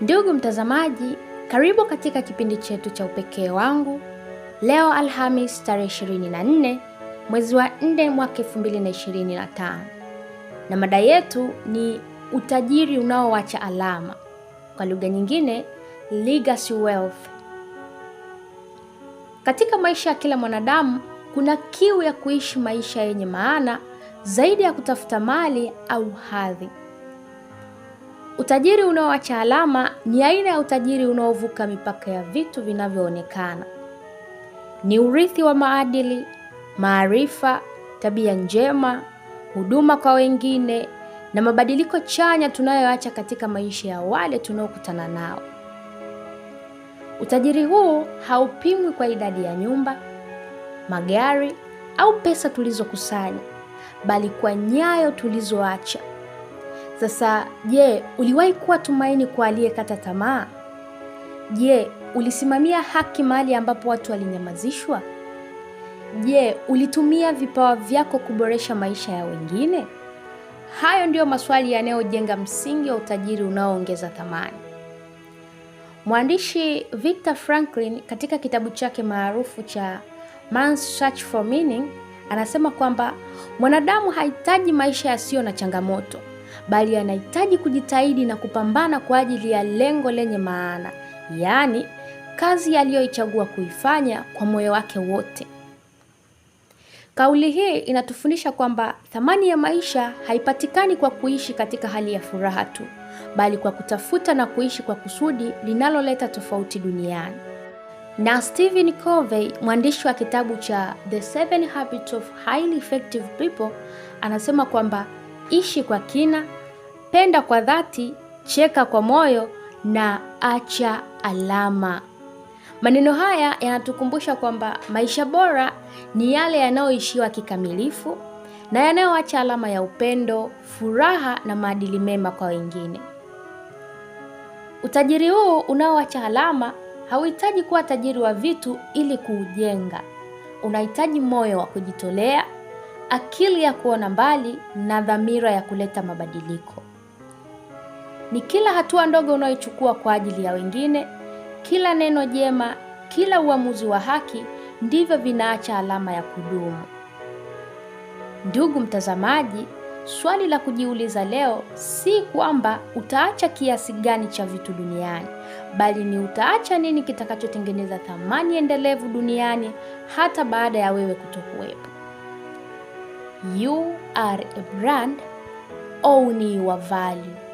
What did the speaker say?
Ndugu mtazamaji, karibu katika kipindi chetu cha Upekee wangu. Leo Alhamis tarehe 24 mwezi wa 4 mwaka 2025, na mada yetu ni utajiri unaoacha alama, kwa lugha nyingine legacy wealth. Katika maisha ya kila mwanadamu kuna kiu ya kuishi maisha yenye maana zaidi ya kutafuta mali au hadhi. Utajiri unaoacha alama ni aina ya utajiri unaovuka mipaka ya vitu vinavyoonekana. Ni urithi wa maadili, maarifa, tabia njema, huduma kwa wengine na mabadiliko chanya tunayoacha katika maisha ya wale tunaokutana nao. Utajiri huu haupimwi kwa idadi ya nyumba, magari au pesa tulizokusanya, bali kwa nyayo tulizoacha. Sasa je, uliwahi kuwa tumaini kwa aliyekata tamaa? Je, ulisimamia haki mahali ambapo watu walinyamazishwa? Je, ulitumia vipawa vyako kuboresha maisha ya wengine? Hayo ndiyo maswali yanayojenga msingi wa utajiri unaoongeza thamani. Mwandishi Victor Franklin katika kitabu chake maarufu cha Man's Search for Meaning anasema kwamba mwanadamu hahitaji maisha yasiyo na changamoto bali anahitaji kujitahidi na kupambana kwa ajili ya lengo lenye maana, yaani kazi aliyoichagua kuifanya kwa moyo wake wote. Kauli hii inatufundisha kwamba thamani ya maisha haipatikani kwa kuishi katika hali ya furaha tu, bali kwa kutafuta na kuishi kwa kusudi linaloleta tofauti duniani. Na Stephen Covey, mwandishi wa kitabu cha The Seven Habits of Highly Effective People, anasema kwamba ishi kwa kina, penda kwa dhati, cheka kwa moyo na acha alama. Maneno haya yanatukumbusha kwamba maisha bora ni yale yanayoishiwa kikamilifu na yanayoacha alama ya upendo, furaha na maadili mema kwa wengine. Utajiri huu unaoacha alama hauhitaji kuwa tajiri wa vitu ili kuujenga. Unahitaji moyo wa kujitolea, akili ya kuona mbali na dhamira ya kuleta mabadiliko. Ni kila hatua ndogo unayochukua kwa ajili ya wengine, kila neno jema, kila uamuzi wa haki, ndivyo vinaacha alama ya kudumu. Ndugu mtazamaji, swali la kujiuliza leo si kwamba utaacha kiasi gani cha vitu duniani, bali ni utaacha nini kitakachotengeneza thamani endelevu duniani hata baada ya wewe kutokuwepo. You are a brand, own your value.